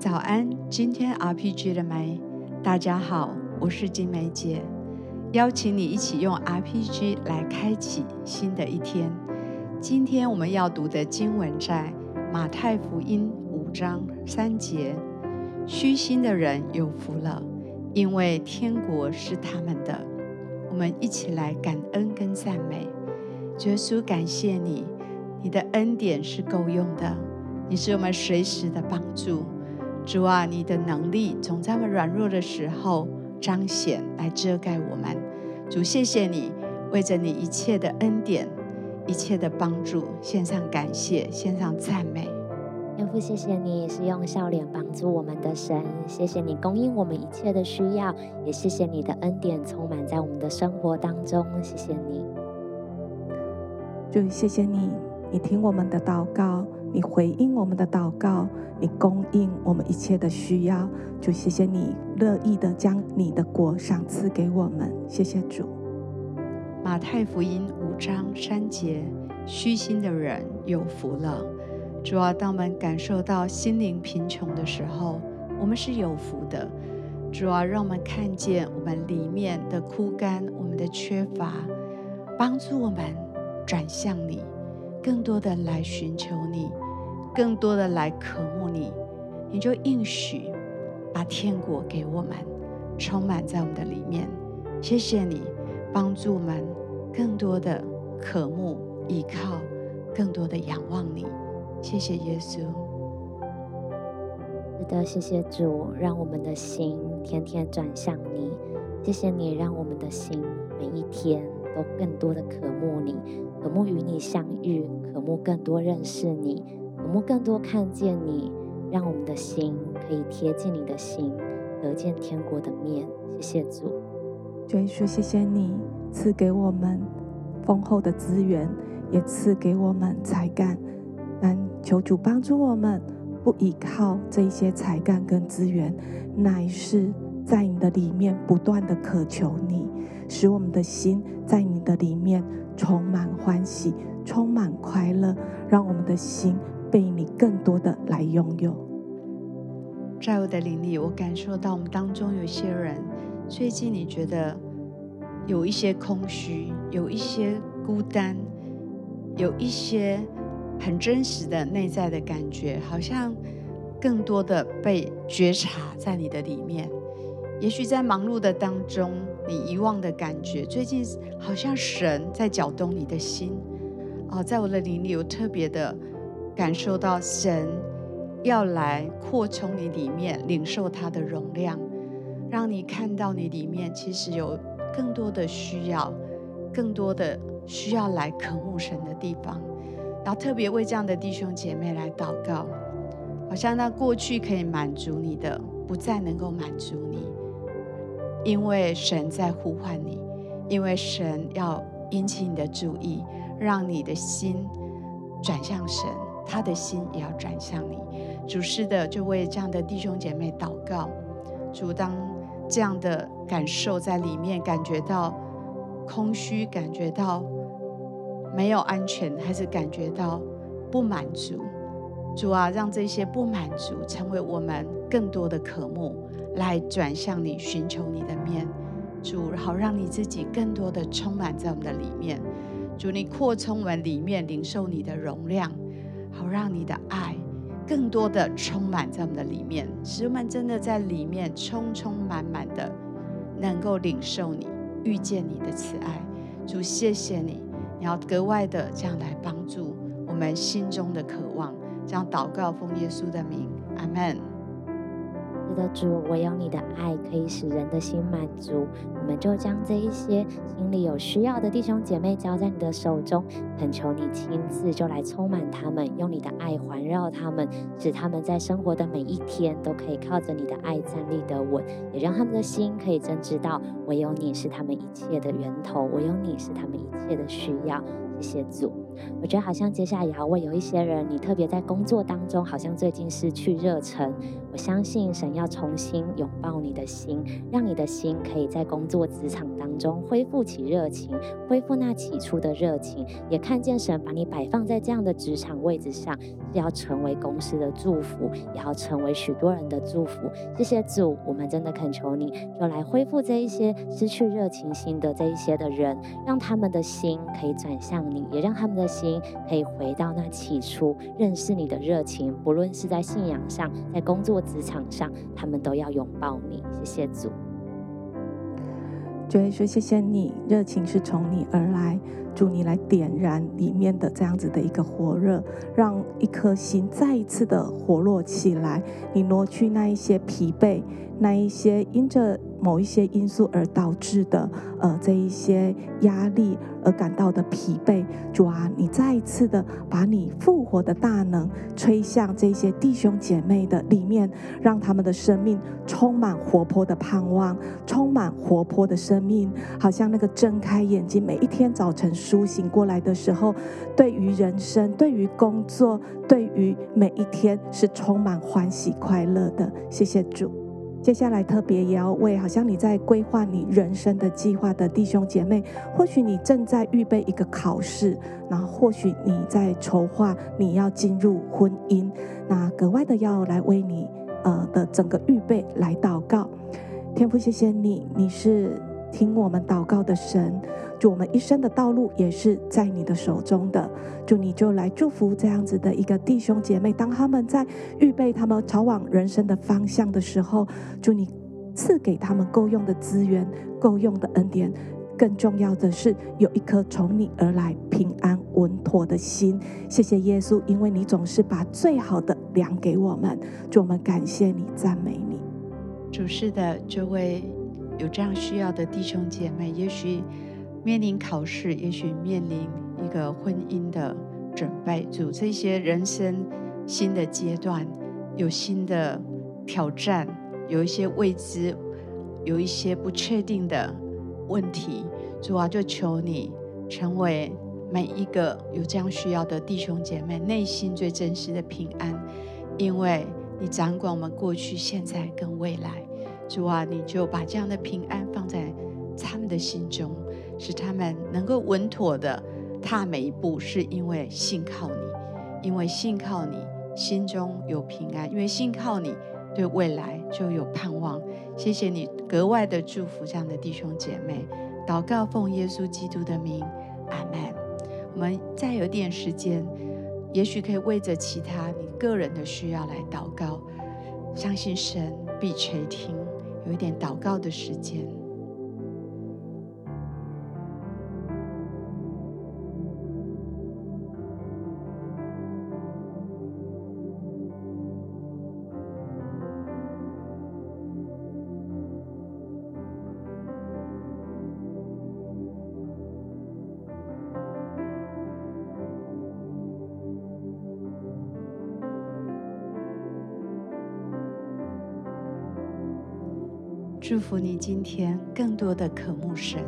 早安，今天 RPG 了沒？大家好，我是晶玫姊，邀請你一起用 RPG 來開啟新的一天。今天我們要讀的經文在馬太福音五章三節：“虛心的人有福了，因為天國是他們的。”我們一起來感恩跟讚美，耶穌，感謝你，你的恩典是夠用的，你是我們隨時的幫助。主啊，你的能力總在我們軟弱的時候彰顯，來遮蓋我們。主，謝謝你為着你一切的恩典、一切的幫助，獻上感謝，獻上讚美。天父，謝謝你也是用笑臉幫助我們的神，謝謝你供應我們一切的需要，也謝謝你的恩典充滿在我們的生活當中。謝謝你，主，謝謝你，你聽我們的禱告。你回應我們的禱告，你供應我們一切的需要，主，謝謝你樂意的將你的國賞賜給我們，謝謝主。馬太福音五章三節：虛心的人有福了。主啊，當我們感受到心靈貧窮的時候，我們是有福的。主啊，讓我們看見我們裡面的枯乾，我們的缺乏，幫助我們轉向你。更多的來尋求你，更多的來渴慕你，你就應許把天國給我們，充滿在我們的裡面。謝謝你幫助我們更多的渴慕、依靠、更多的仰望你。謝謝耶穌。是的，謝謝主，讓我們的心天天轉向你。謝謝你讓我們的心每一天都更多的渴慕你。渴慕與你相遇，渴慕更多認識你，渴慕更多看見你，讓我們的心可以貼近你的心，得見天國的面。謝謝主，主耶穌，謝謝你賜給我們豐厚的資源，也賜給我們才幹，但求主幫助我們，不依靠這些才幹跟資源，乃是在你的裡面不斷的渴求你。使我們的心在你的裡面充滿歡喜，充滿快樂，讓我們的心被你更多的來擁有。在我的靈裡，我感受到我們當中有些人，最近你覺得有一些空虛，有一些孤單，有一些很真實的內在的感覺，好像更多的被覺察在你的裡面。也許在忙碌的當中。你遺忘的感覺，最近好像神在攪動你的心哦。在我的靈裡，我特別的感受到神要來擴充你裡面，領受他的容量，讓你看到你裡面其實有更多的需要，更多的需要來渴慕神的地方。然後特別為這樣的弟兄姐妹來禱告，好像那過去可以滿足你的，不再能夠滿足你。因為神在呼喚你，因為神要引起你的注意，讓你的心轉向神，他的心也要轉向你。主是的，就為這樣的弟兄姐妹禱告，主當這樣的感受在裡面，感覺到空虛，感覺到沒有安全，還是感覺到不滿足。主啊，讓這些不滿足成為我們更多的渴慕。來轉向你，尋求你的面，主，好讓你自己更多的充滿在我們的裡面，主，你擴充我們裡面，領受你的容量，好讓你的愛更多的充滿在我們的裡面，使我們真的在裡面充充滿滿的能夠領受你，遇見你的慈愛。主，謝謝你，你要格外的這樣來幫助我們心中的渴望。這樣禱告，奉耶穌的名，阿們。的主，唯有你的愛可以使人的心滿足。我們就將這一些心裡有需要的弟兄姐妹交在你的手中，懇求你親自就來充滿他們，用你的愛環繞他們，使他們在生活的每一天都可以靠着你的愛站立得穩，也讓他們的心可以真知道唯有你是他們一切的源頭，唯有你是他們一切的需要。謝謝主。我覺得好像接下來也要為，有一些人，你特別在工作當中好像最近失去熱忱。我相信神要重新擁抱你的心，讓你的心可以在工作職場當中恢復起熱情，恢復那起初的熱情，也看見神把你擺放在這樣的職場位置上，是要成為公司的祝福，也要成為許多人的祝福。這些主，我們真的懇求你，就來恢復這一些失去熱情心的這一些的人，讓他們的心可以轉向你，也讓他們的心可以回到那起初認識你的熱情，不論是在信仰上，在工作職場上，他們都要擁抱你。謝謝主，主耶穌，謝謝你，熱情是從你而來。主，你來點燃裡面的這樣子的一個火熱，讓一顆心再一次的活絡起來。你挪去那一些疲憊，那一些因着某一些因素而導致的，呃，這一些壓力而感到的疲憊。主啊，你再一次的把你復活的大能吹向這些弟兄姐妹的裡面，讓他們的生命充滿活潑的盼望，充滿活潑的生命，好像那個睜開眼睛，每一天早晨。甦醒過來的時候，對於人生、對於工作、對於每一天是充滿歡喜快樂的。謝謝主。接下來特別也要為好像你在規劃你人生的計劃的弟兄姐妹，或許你正在預備一個考試，然後或許你在籌劃你要進入婚姻，那格外的要來為你呃的整個預備來禱告。天父，謝謝你，你是。聽我們禱告的神，祝我們一生的道路也是在你的手中的。祝你，就來祝福這樣子的一個弟兄姐妹，當他們在預備他們朝往人生的方向的時候，祝你賜給他們夠用的資源、夠用的恩典。更重要的是，有一顆從你而來平安穩妥的心。謝謝耶穌，因為你總是把最好的糧給我們。祝我們感謝你，讚美你，主事的這位。有這樣需要的弟兄姐妹，也許面臨考試，也許面臨一個婚姻的準備，主，這些人生新的階段，有新的挑戰，有一些未知，有一些不確定的問題，主啊，就求你成為每一個有這樣需要的弟兄姐妹，內心最真實的平安，因為你掌管我們過去、現在跟未來。主啊，你就把這樣的平安放在他們的心中，使他們能夠穩妥的踏每一步，是因為信靠你，因為信靠你，心中有平安，因為信靠你，對未來就有盼望。謝謝你格外的祝福這樣的弟兄姐妹。禱告，奉耶穌基督的名，阿門。我們再有點時間，也許可以為着其他你個人的需要來禱告，相信神必垂聽。有一點禱告的時間。祝福你今天更多的渴慕神。